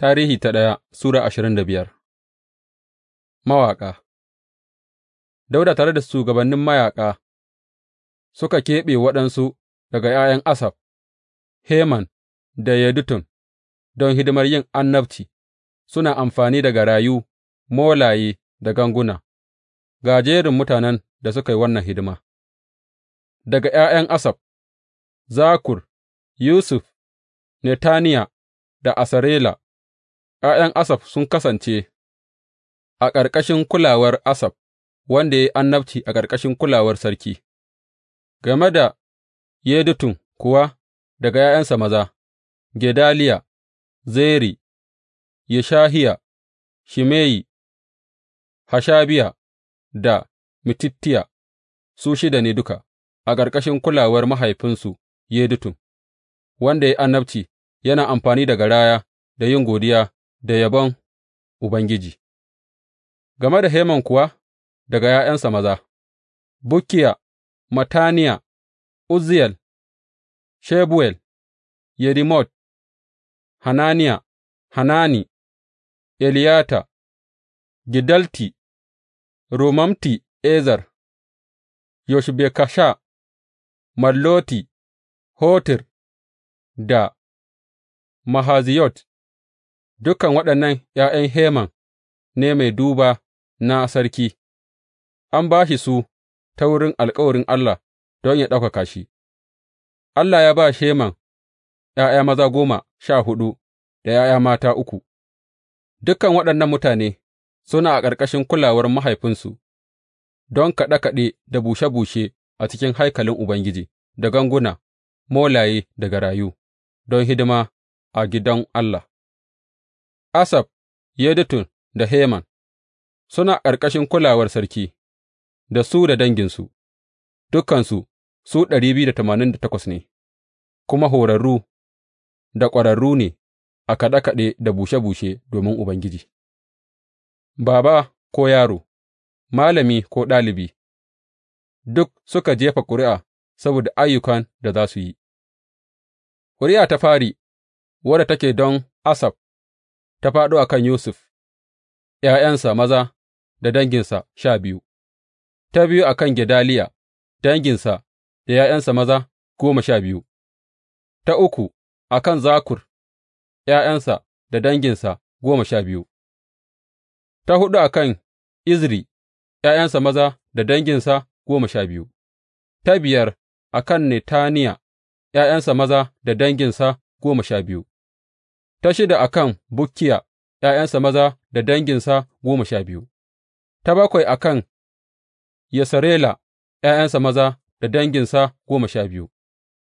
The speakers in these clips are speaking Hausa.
Tarihi ta ɗaya Sura ashirin da biyar Mawaƙa Dauda tare da shugabannin mayaƙa suka keɓe waɗansu daga ’ya'yan Asaf, Heman da Yedutun don hidimar yin annabci, suna amfani da garayu, molaye da ganguna, ga jerin mutanen da suka yi wannan hidima. Daga ’ya'yan Asaf, Zakur, Yusuf, Netaniya da Asarela. ’Ya'yan Asaf sun kasance a ƙarƙashin kulawar Asaf, wanda ya yi annabci a ƙarƙashin kulawar sarki, game da Yedutun kuwa daga ’ya'yansa maza, Gedaliya, Zeri, Yeshahiya, Shimeyi, Hashabiya da Mitittiya. su shida ne duka, a ƙarƙashin kulawar mahaifinsu Yedutun, wanda ya yi annabci, yana amfani da garaya da yin godiya. da yabon Ubangiji Game da Heman kuwa, daga ’ya'yansa maza, Bukiya. Mataniya. Uzziyel, Shebuwel, Yerimot, Hananiya, Hanani, Eliyata, Gidalti, Romamti Ezer, Yoshbekasha, Malloti, Hotir da Mahaziyot. Dukan waɗannan ’ya'yan Heman ne mai duba na sarki, an ba shi su ta wurin alkawarin Allah don yă ɗaukaka shi, Allah ya ba Heman ’ya'ya maza goma sha huɗu da ’ya'ya mata uku, dukan waɗannan mutane suna a ƙarƙashin kulawar mahaifinsu don kaɗe-kaɗe da bushe-bushe a cikin haikalin Ubangiji, da ganguna, molaye da garayu, don hidima a gidan Allah. Asaf, Yedutun da Heman suna ƙarƙashin kulawar sarki, da su da danginsu, dukansu su ɗari biyu da tamanin da takwas ne, kuma horarru da ƙwararru ne a kaɗe kaɗe da bushe bushe domin Ubangiji, baba ko yaro, malami ko ɗalibi, duk suka jefa ƙuri'a saboda ayyukan da za su yi. Ƙuri'a ta fari, wadda take don Asaf ta fāɗo a kan Yusuf, ’ya'yansa maza da danginsa sha biyu, ta biyu a kan Gedaliya, danginsa da ’ya'yansa maza goma sha biyu, ta uku a kan Zakur, ’ya'yansa da danginsa goma sha biyu, ta huɗu a kan Izri, ’ya'yansa maza da danginsa goma sha biyu, ta biyar a kan Netaniya, ’ya'yansa maza da danginsa goma sha biyu. ta shida a kan Bukkiya, ’ya'yansa maza da danginsa goma sha biyu, ta bakwai a kan Yesarela, ’ya'yansa maza da danginsa goma sha biyu,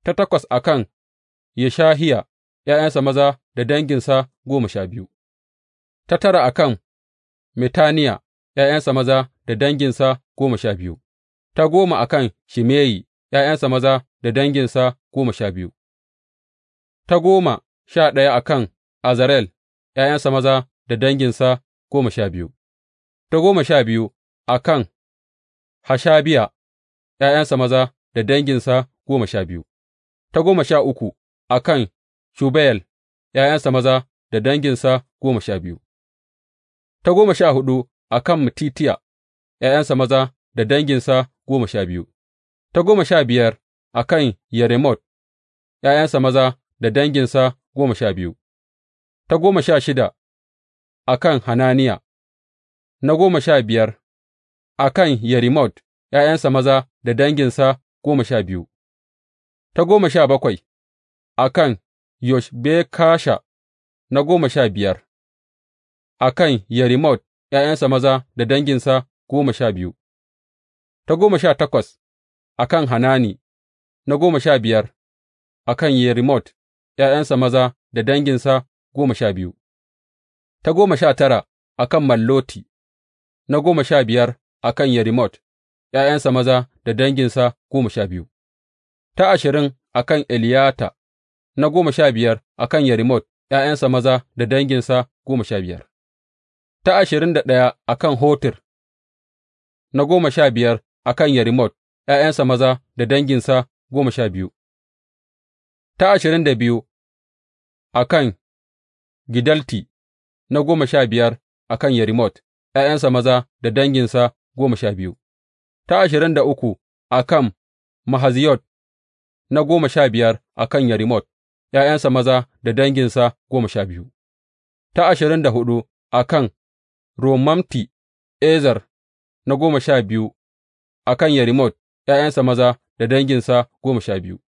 ta takwas a kan Yeshahiya, ’ya'yansa maza da danginsa goma sha biyu, ta tara a kan Netaniya, ’ya'yansa maza da danginsa goma sha biyu, ta goma a kan Shimeyi, ’ya'yansa maza da danginsa goma sha biyu, ta goma sha ɗaya a kan Azarel, ’ya'yansa maza da danginsa goma sha biyu, ta goma sha biyu a kan Hashabiya, ’ya'yansa maza da danginsa goma sha biyu, ta goma sha uku a kan Shubayel, ’ya'yansa maza da danginsa goma sha biyu, ta goma sha huɗu a kan Mattitiya, ’ya'yansa maza da danginsa goma sha biyu, ta goma sha biyar a kan Yeremot, ’ya'yansa maza da danginsa goma sha biyu. ta goma sha shida a kan Hananiya, na goma sha biyar a kan Yerimot, ’ya'yansa maza da danginsa goma sha biyu, ta goma sha bakwai a kan Yoshbekasha, na goma sha biyar a kan Yerimot, ’ya'yansa maza da danginsa goma sha biyu, ta goma sha takwas a kan Hanani, na goma sha biyar a kan Yerimot, ’ya'yansa maza da danginsa goma sha biyu, ta goma sha tara a kan Malloti, na goma sha biyar a kan Yerimot, ’ya'yansa maza da danginsa goma sha biyu, ta ashirin a kan Eliyata, na goma sha biyar a kan Yerimot, ’ya'yansa maza da danginsa goma sha biyar, ta ashirin da ɗaya a kan Hotir, na goma sha biyar a kan Yerimot, ’ya'yansa maza da danginsa goma sha biyu, ta ashirin da biyu a kan Gidalti, na goma sha biyar a kan Yerimot, ’ya'yansa maza da danginsa goma sha biyu, ta ashirin da uku a kan Mahaziyot, na goma sha biyar a kan Yerimot, ’ya'yansa maza da danginsa goma sha biyu, ta ashirin da huɗu a kan Romamti Ezer, na goma sha biyu a kan Yerimot, ’ya'yansa maza da danginsa goma sha biyu.